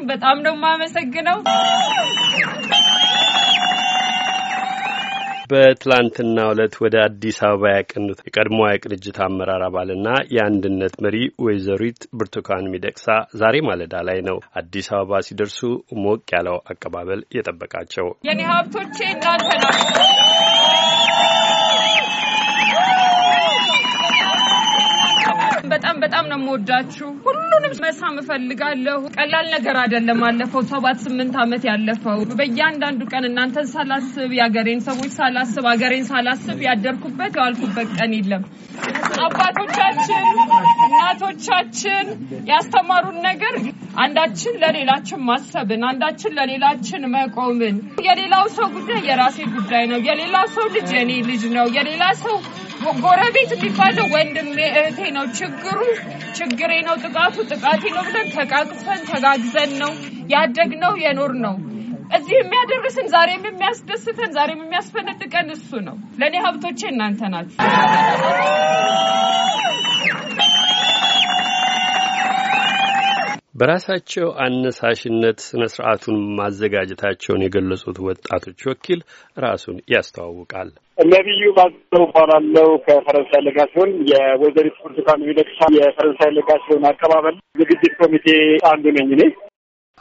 ስለሰጠኝ በጣም ነው የማመሰግነው። በትላንትና ዕለት ወደ አዲስ አበባ ያቀኑት የቀድሞ የቅንጅት አመራር አባልና የአንድነት መሪ ወይዘሪት ብርቱካን ሚደቅሳ ዛሬ ማለዳ ላይ ነው አዲስ አበባ ሲደርሱ ሞቅ ያለው አቀባበል የጠበቃቸው። የኔ ሀብቶቼ እናንተ ናቸው። በጣም በጣም ነው የምወዳችሁ። ሁሉንም መሳም እፈልጋለሁ። ቀላል ነገር አይደለም። አለፈው ሰባት ስምንት ዓመት ያለፈው በእያንዳንዱ ቀን እናንተን ሳላስብ፣ የአገሬን ሰዎች ሳላስብ፣ አገሬን ሳላስብ ያደርኩበት ያልኩበት ቀን የለም። አባቶቻችን እናቶቻችን ያስተማሩን ነገር አንዳችን ለሌላችን ማሰብን፣ አንዳችን ለሌላችን መቆምን፣ የሌላው ሰው ጉዳይ የራሴ ጉዳይ ነው፣ የሌላ ሰው ልጅ የኔ ልጅ ነው፣ የሌላ ሰው ጎረቤት የሚባለው ወንድሜ እህቴ ነው፣ ችግሩ ችግሬ ነው፣ ጥቃቱ ጥቃቴ ነው ብለን ተቃቅፈን ተጋግዘን ነው ያደግነው የኖር ነው። እዚህ የሚያደርስን ዛሬም የሚያስደስተን ዛሬም የሚያስፈነጥቀን እሱ ነው። ለእኔ ሀብቶቼ እናንተ ናችሁ። በራሳቸው አነሳሽነት ስነ ስርዓቱን ማዘጋጀታቸውን የገለጹት ወጣቶች ወኪል ራሱን ያስተዋውቃል። ነቢዩ ባዘው ባላለው ከፈረንሳይ ለጋሲዮን የወይዘሪት ብርቱካን ሚደቅሳ የፈረንሳይ ለጋሲዮን አቀባበል ዝግጅት ኮሚቴ አንዱ ነኝ እኔ።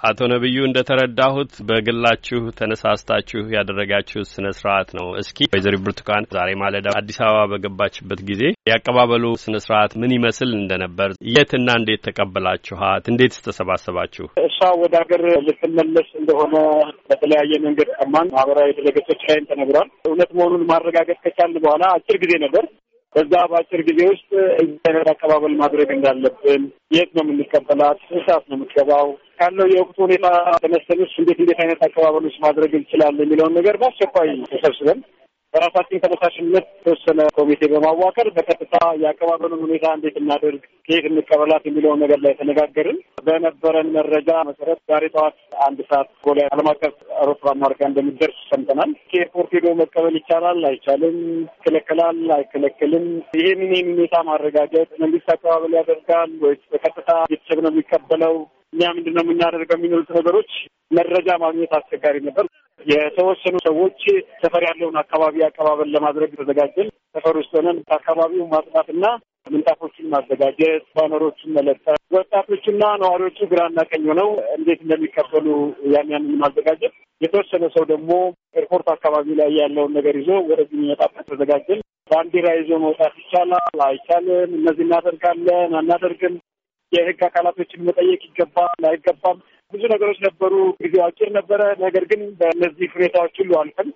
አቶ ነቢዩ እንደተረዳሁት በግላችሁ ተነሳስታችሁ ያደረጋችሁ ስነ ስርዓት ነው። እስኪ ወይዘሪ ብርቱካን ዛሬ ማለዳ አዲስ አበባ በገባችበት ጊዜ ያቀባበሉ ስነ ስርዓት ምን ይመስል እንደነበር፣ የትና እንዴት ተቀበላችኋት? እንዴት ተሰባሰባችሁ? እሷ ወደ ሀገር ልትመለስ እንደሆነ በተለያየ መንገድ ሰማን። ማህበራዊ ድረገጾች ላይም ተነግሯል። እውነት መሆኑን ማረጋገጥ ከቻልን በኋላ አጭር ጊዜ ነበር በዛ በአጭር ጊዜ ውስጥ እዚህ አይነት አቀባበል ማድረግ እንዳለብን፣ የት ነው የምንቀበላት፣ እሳት ነው የምትገባው ካለው የወቅቱ ሁኔታ ተነስተን እንዴት እንዴት አይነት አቀባበሎች ማድረግ እንችላለን የሚለውን ነገር በአስቸኳይ ተሰብስበን በራሳችን ተነሳሽነት የተወሰነ ኮሚቴ በማዋቀር በቀጥታ የአቀባበሉን ሁኔታ እንዴት እናደርግ፣ ከየት እንቀበላት የሚለውን ነገር ላይ ተነጋገርን። በነበረን መረጃ መሰረት ዛሬ ጠዋት አንድ ሰዓት ቦሌ ዓለም አቀፍ አውሮፕላን ማረፊያ እንደሚደርስ ሰምተናል። ከኤርፖርት ሄዶ መቀበል ይቻላል አይቻልም፣ ይከለከላል አይከለከልም፣ ይህንን ይህን ሁኔታ ማረጋገጥ መንግስት አቀባበል ያደርጋል ወይ በቀጥታ ቤተሰብ ነው የሚቀበለው እኛ ምንድን ነው የምናደርገው የሚኖሩት ነገሮች መረጃ ማግኘት አስቸጋሪ ነበር። የተወሰኑ ሰዎች ሰፈር ያለውን አካባቢ አቀባበል ለማድረግ ተዘጋጀን። ሰፈር ውስጥ ሆነን አካባቢውን ማጽዳትና ምንጣፎችን ማዘጋጀት፣ ባነሮችን መለጠፍ፣ ወጣቶችና ነዋሪዎቹ ግራና ቀኝ ሆነው እንዴት እንደሚቀበሉ ያን ያንን ማዘጋጀት፣ የተወሰነ ሰው ደግሞ ኤርፖርት አካባቢ ላይ ያለውን ነገር ይዞ ወደዚህ የሚመጣበት ተዘጋጀን። ባንዲራ ይዞ መውጣት ይቻላል አይቻልም፣ እነዚህ እናደርጋለን አናደርግም የህግ አካላቶችን መጠየቅ ይገባል አይገባም፣ ብዙ ነገሮች ነበሩ። ጊዜው አጭር ነበረ። ነገር ግን በእነዚህ ሁኔታዎች ሁሉ አልፈን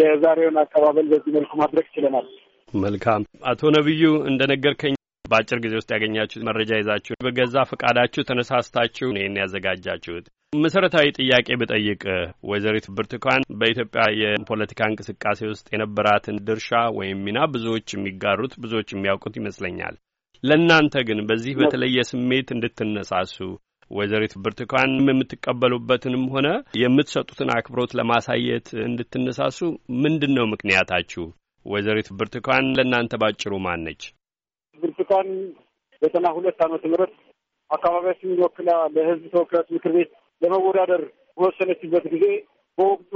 የዛሬውን አቀባበል በዚህ መልኩ ማድረግ ችለናል። መልካም አቶ ነቢዩ እንደነገርከኝ በአጭር ጊዜ ውስጥ ያገኛችሁት መረጃ ይዛችሁ በገዛ ፈቃዳችሁ ተነሳስታችሁ ይህን ያዘጋጃችሁት። መሰረታዊ ጥያቄ ብጠይቅ ወይዘሪት ብርቱካን በኢትዮጵያ የፖለቲካ እንቅስቃሴ ውስጥ የነበራትን ድርሻ ወይም ሚና ብዙዎች የሚጋሩት ብዙዎች የሚያውቁት ይመስለኛል። ለእናንተ ግን በዚህ በተለየ ስሜት እንድትነሳሱ ወይዘሪት ብርቱካን የምትቀበሉበትንም ሆነ የምትሰጡትን አክብሮት ለማሳየት እንድትነሳሱ ምንድን ነው ምክንያታችሁ? ወይዘሪት ብርቱካን ለእናንተ ባጭሩ ማን ነች? ብርቱካን ዘጠና ሁለት ዓመተ ምህረት አካባቢያችን ወክላ ለህዝብ ተወካዮች ምክር ቤት ለመወዳደር በወሰነችበት ጊዜ በወቅቱ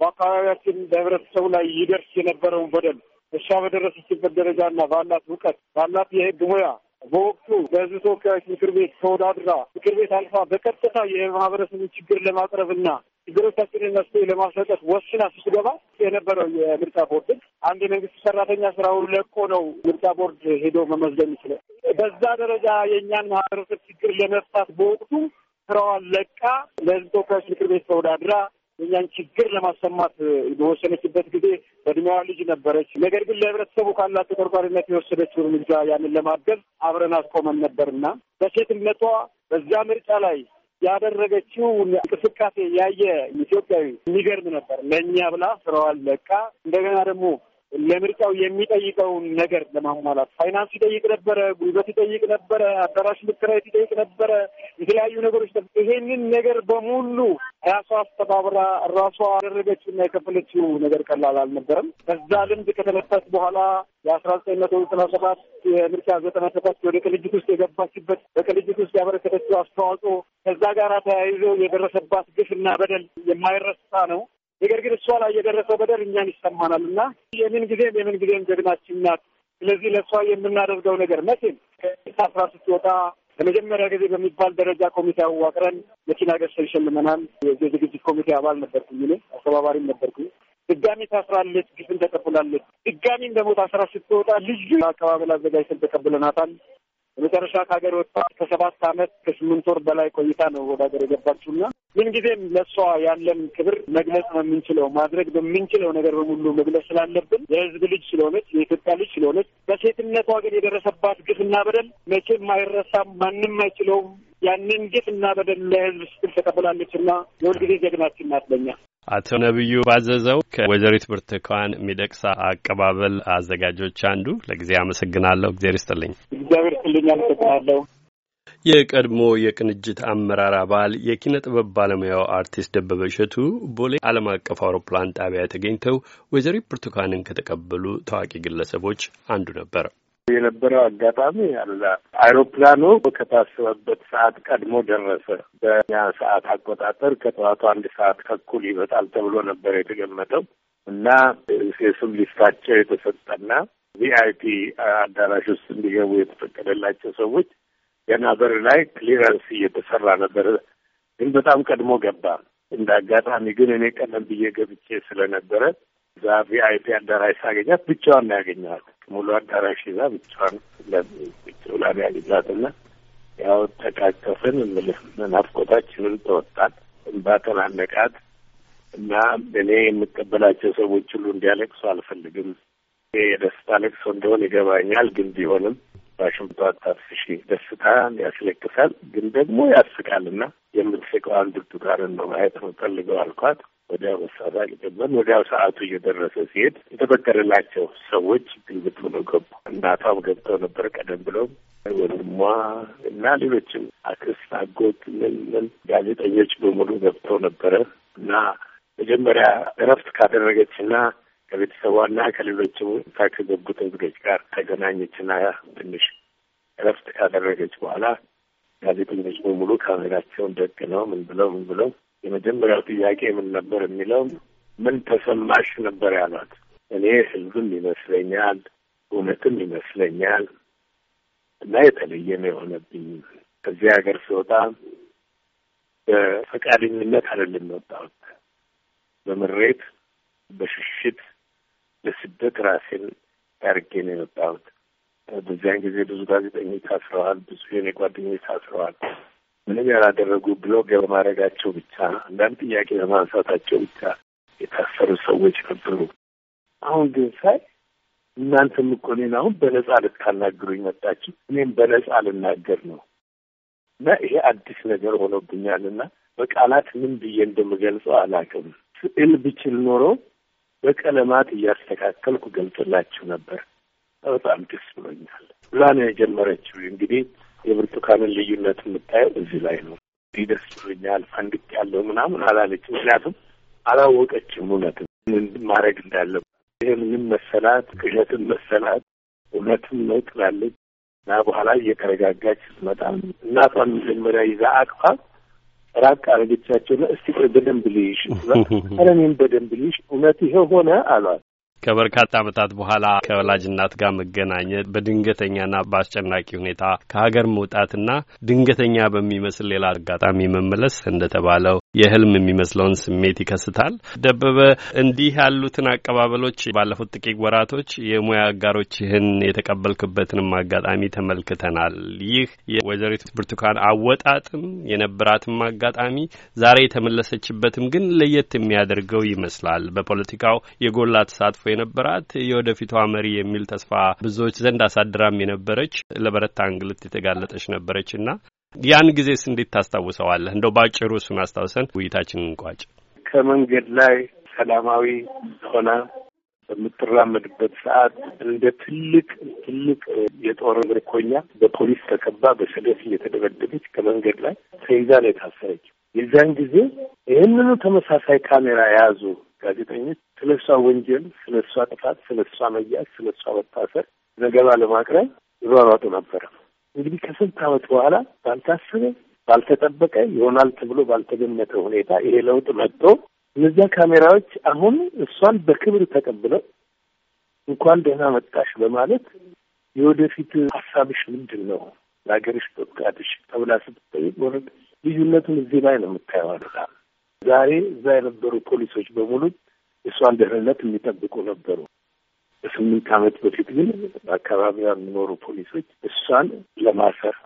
በአካባቢያችን በህብረተሰቡ ላይ ይደርስ የነበረውን በደል እርሻ በደረሰችበት ደረጃና ባላት እውቀት ባላት የህግ ሙያ በወቅቱ በህዝብ ተወካዮች ምክር ቤት ተወዳድራ ምክር ቤት አልፋ በቀጥታ የማህበረሰቡን ችግር ለማቅረብና ችግሮቻችንን መፍትሄ ለማሰጠት ወስና ስትገባ የነበረው የምርጫ ቦርድ አንድ የመንግስት ሰራተኛ ስራውን ለቆ ነው ምርጫ ቦርድ ሄዶ መመዝገብ ይችላል። በዛ ደረጃ የእኛን ማህበረሰብ ችግር ለመፍታት በወቅቱ ስራዋን ለቃ ለህዝብ ተወካዮች ምክር ቤት ተወዳድራ የእኛን ችግር ለማሰማት በወሰነችበት ጊዜ በእድሜዋ ልጅ ነበረች። ነገር ግን ለህብረተሰቡ ካላት ተቆርቋሪነት የወሰደችው እርምጃ ያንን ለማገዝ አብረን አስቆመን ነበርና በሴትነቷ በዚያ ምርጫ ላይ ያደረገችው እንቅስቃሴ ያየ ኢትዮጵያዊ የሚገርም ነበር። ለእኛ ብላ ስራዋን ለቃ እንደገና ደግሞ ለምርጫው የሚጠይቀውን ነገር ለማሟላት ፋይናንስ ይጠይቅ ነበረ፣ ጉልበት ይጠይቅ ነበረ፣ አዳራሽ መከራየት ይጠይቅ ነበረ፣ የተለያዩ ነገሮች። ይሄንን ነገር በሙሉ ራሷ አስተባብራ ራሷ ያደረገችው እና የከፈለችው ነገር ቀላል አልነበረም። ከዛ ልምድ ከተነሳች በኋላ የአስራ ዘጠኝ መቶ ዘጠና ሰባት የምርጫ ዘጠና ሰባት ወደ ቅልጅት ውስጥ የገባችበት በቅልጅት ውስጥ ያበረከተችው አስተዋጽኦ ከዛ ጋር ተያይዞ የደረሰባት ግፍና በደል የማይረሳ ነው። ነገር ግን እሷ ላይ የደረሰው በደል እኛን ይሰማናል እና የምን ጊዜም የምን ጊዜም ጀግናችን ናት። ስለዚህ ለእሷ የምናደርገው ነገር መቼም ከአስራ ስትወጣ ለመጀመሪያ ጊዜ በሚባል ደረጃ ኮሚቴ አዋቅረን መኪና ገዝተን ሸልመናል። የዚህ ዝግጅት ኮሚቴ አባል ነበርኩኝ እኔ አስተባባሪም ነበርኩኝ። ድጋሚ ታስራለች፣ ግፍን ተቀብላለች። ድጋሚም ደግሞ ታስራ ስትወጣ ልዩ አቀባበል አዘጋጅተን ተቀብለናታል። የመጨረሻ ከሀገር ወጣ ከሰባት አመት ከስምንት ወር በላይ ቆይታ ነው ወደ ሀገር የገባችውና ምንጊዜም ለእሷ ያለን ክብር መግለጽ በምንችለው ማድረግ በምንችለው ነገር በሙሉ መግለጽ ስላለብን የህዝብ ልጅ ስለሆነች የኢትዮጵያ ልጅ ስለሆነች በሴትነቷ ግን የደረሰባት ግፍና በደል መቼም አይረሳም፣ ማንም አይችለውም። ያንን ግፍና በደል ለህዝብ ስትል ተቀብላለችና የሁልጊዜ ጀግናችን ናት ለኛ። አቶ ነብዩ ባዘዘው ከወይዘሪት ብርቱካን ሚደቅሳ አቀባበል አዘጋጆች አንዱ፣ ለጊዜ አመሰግናለሁ። እግዜር ይስጥልኝ። እግዚአብሔር ይስጥልኝ። አመሰግናለሁ። የቀድሞ የቅንጅት አመራር አባል የኪነ ጥበብ ባለሙያው አርቲስት ደበበ እሸቱ ቦሌ ዓለም አቀፍ አውሮፕላን ጣቢያ ተገኝተው ወይዘሪት ብርቱካንን ከተቀበሉ ታዋቂ ግለሰቦች አንዱ ነበር። የነበረው አጋጣሚ አለ። አይሮፕላኑ ከታሰበበት ሰዓት ቀድሞ ደረሰ። በኛ ሰዓት አቆጣጠር ከጠዋቱ አንድ ሰዓት ተኩል ይበጣል ተብሎ ነበር የተገመጠው እና የሱም ሊስታቸው የተሰጠና ቪአይፒ አዳራሽ ውስጥ እንዲገቡ የተፈቀደላቸው ሰዎች ገና በር ላይ ክሊረንስ እየተሰራ ነበር፣ ግን በጣም ቀድሞ ገባ። እንደ አጋጣሚ ግን እኔ ቀደም ብዬ ገብቼ ስለነበረ እዛ ቪአይፒ አዳራሽ ሳገኛት ብቻዋን ነው ያገኘኋት። ሙሉ አዳራሽ ይዛ ብቻዋን ቁጭ ብላ ነው ያው ተቃቀፍን፣ እምልህ ናፍቆታችንን ተወጣን። እንባ ተናነቃት እና እኔ የምቀበላቸው ሰዎች ሁሉ እንዲያለቅሱ አልፈልግም። የደስታ ለቅሶ እንደሆነ ይገባኛል። ግን ቢሆንም ባሽምቷ ታፍሽ ደስታ ያስለቅሳል፣ ግን ደግሞ ያስቃል ያስቃልና የምትስቀዋን ብርቱካንን ነው ማየት ነው ፈልገው አልኳት። ወዲያው መሳሪያ ገባን። ወዲያው ሰዓቱ እየደረሰ ሲሄድ የተበቀለላቸው ሰዎች ግልብት ብሎ ገቡ። እናቷም ገብተው ነበር ቀደም ብለው ወንድሟ እና ሌሎችም አክስት፣ አጎት ምን ጋዜጠኞች በሙሉ ገብተው ነበረ እና መጀመሪያ እረፍት ካደረገች እና ከቤተሰቧና ከሌሎችም ከገቡት እንግዶች ጋር ተገናኘችና ትንሽ እረፍት ካደረገች በኋላ ጋዜጠኞች በሙሉ ካሜራቸውን ነው ምን ብለው ምን ብለው የመጀመሪያው ጥያቄ ምን ነበር የሚለው ምን ተሰማሽ ነበር ያሏት። እኔ ህዝብም ይመስለኛል እውነትም ይመስለኛል እና የተለየም የሆነብኝ። ከዚህ ሀገር ስወጣ በፈቃደኝነት አይደለም የወጣሁት፣ በምሬት በሽሽት ለስደት ራሴን ያርጌ ነው የወጣሁት። በዚያን ጊዜ ብዙ ጋዜጠኞች ታስረዋል፣ ብዙ የኔ ጓደኞች ታስረዋል። ምንም ያላደረጉ ብሎግ በማድረጋቸው ብቻ አንዳንድ ጥያቄ በማንሳታቸው ብቻ የታሰሩ ሰዎች ነበሩ። አሁን ግን ሳይ እናንተም እኮ እኔን አሁን በነጻ ልታናግሩኝ መጣችሁ፣ እኔም በነጻ ልናገር ነው እና ይሄ አዲስ ነገር ሆኖብኛል እና በቃላት ምን ብዬ እንደምገልጸው አላውቅም። ስዕል ብችል ኖሮ በቀለማት እያስተካከልኩ ገልጽላችሁ ነበር። በጣም ደስ ብሎኛል ብላ ነው የጀመረችው እንግዲህ የብርቱካንን ልዩነት የምታየው እዚህ ላይ ነው። እንዲህ ደስ ብሎኛል ፈንድቅ ያለው ምናምን አላለች። ምክንያቱም አላወቀችም እውነትም ማድረግ እንዳለው ይህ ምንም መሰላት ቅዠትም መሰላት እውነትም ነው ትላለች እና በኋላ እየተረጋጋች ስትመጣ እናቷን መጀመሪያ ይዛ አቅፋ ራቅ አረገቻቸውና እስቲ በደንብ ልይሽ ረ እኔም በደንብ ልይሽ እውነት ይሄ ሆነ አሏት። ከበርካታ ዓመታት በኋላ ከወላጅ እናት ጋር መገናኘት በድንገተኛና በአስጨናቂ ሁኔታ ከሀገር መውጣትና ድንገተኛ በሚመስል ሌላ አጋጣሚ መመለስ እንደተባለው የህልም የሚመስለውን ስሜት ይከስታል። ደበበ፣ እንዲህ ያሉትን አቀባበሎች ባለፉት ጥቂት ወራቶች የሙያ አጋሮችህን የተቀበልክበትንም አጋጣሚ ተመልክተናል። ይህ የወይዘሪት ብርቱካን አወጣጥም የነበራትም አጋጣሚ ዛሬ የተመለሰችበትም ግን ለየት የሚያደርገው ይመስላል። በፖለቲካው የጎላ ተሳትፎ የነበራት የወደፊቷ መሪ የሚል ተስፋ ብዙዎች ዘንድ አሳድራም የነበረች ለበረታ እንግልት የተጋለጠች ነበረች እና ያን ጊዜስ እንዴት ታስታውሰዋለህ? እንደው ባጭሩ እሱን አስታውሰን ውይይታችንን እንቋጭ። ከመንገድ ላይ ሰላማዊ ሆና በምትራመድበት ሰዓት እንደ ትልቅ ትልቅ የጦር ምርኮኛ በፖሊስ ተከባ በሰደፍ እየተደበደበች ከመንገድ ላይ ተይዛ ነው የታሰረች። የዚያን ጊዜ ይህንኑ ተመሳሳይ ካሜራ የያዙ ጋዜጠኞች ስለ እሷ ወንጀል፣ ስለ እሷ ጥፋት፣ ስለ እሷ መያዝ፣ ስለ እሷ መታሰር ዘገባ ለማቅረብ ይሯሯጡ ነበረ። እንግዲህ ከስንት ዓመት በኋላ ባልታሰበ ባልተጠበቀ ይሆናል ተብሎ ባልተገመተ ሁኔታ ይሄ ለውጥ መጥቶ እነዚያ ካሜራዎች አሁን እሷን በክብር ተቀብለው እንኳን ደህና መጣሽ በማለት የወደፊት ሀሳብሽ ምንድን ነው ለሀገርሽ በብቃትሽ ተብላ ስትጠይቅ ወረድ ልዩነቱን እዚህ ላይ ነው የምታየዋለታ። ዛሬ እዛ የነበሩ ፖሊሶች በሙሉ እሷን ደህንነት የሚጠብቁ ነበሩ። በስምንት ዓመት በፊት ግን በአካባቢዋ የሚኖሩ ፖሊሶች እሷን ለማሰር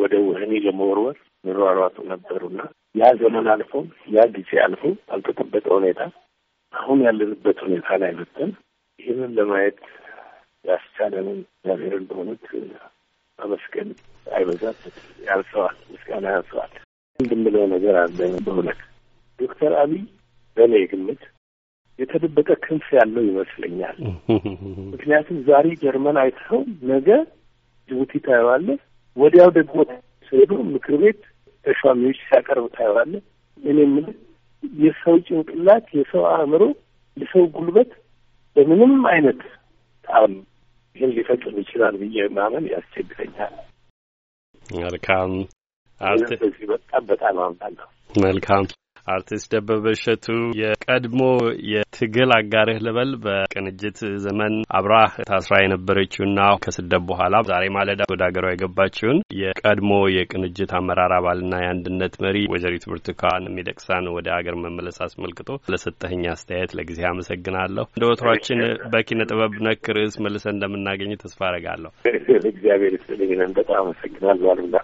ወደ ውህኒ ለመወርወር ምሯሯጡ ነበሩና ያ ዘመን አልፎ ያ ጊዜ አልፎ ባልተጠበቀ ሁኔታ አሁን ያለንበት ሁኔታ ላይ መጥተን ይህንን ለማየት ያስቻለንን እግዚአብሔር እንደሆኑት አመስገን አይበዛት ያልሰዋል፣ ምስጋና ያልሰዋል። እንድምለው ነገር አለ። በእውነት ዶክተር አብይ በእኔ ግምት የተደበቀ ክንፍ ያለው ይመስለኛል። ምክንያቱም ዛሬ ጀርመን አይተኸው ነገ ጅቡቲ ታየዋለህ፣ ወዲያው ደግሞ ሄዶ ምክር ቤት ተሿሚዎች ሲያቀርብ ታየዋለህ። እኔ የምልህ የሰው ጭንቅላት፣ የሰው አእምሮ፣ የሰው ጉልበት በምንም አይነት ጣም ይህን ሊፈጽም ይችላል ብዬ ማመን ያስቸግረኛል። መልካም በዚህ በጣም በጣም አምናለሁ። መልካም አርቲስት ደበበ እሸቱ የቀድሞ የትግል አጋርህ ልበል፣ በቅንጅት ዘመን አብራህ ታስራ የነበረችውና ከስደት በኋላ ዛሬ ማለዳ ወደ ሀገሯ የገባችውን የቀድሞ የቅንጅት አመራር አባልና የአንድነት መሪ ወይዘሪት ብርቱካን የሚደቅሳን ወደ ሀገር መመለስ አስመልክቶ ለሰጠኸኝ አስተያየት ለጊዜ አመሰግናለሁ። እንደ ወትሯችን በኪነ ጥበብ ነክ ርዕስ መልሰን እንደምናገኝ ተስፋ አረጋለሁ። እግዚአብሔር ይስጥልኝ። በጣም አመሰግናለሁ አሉላ።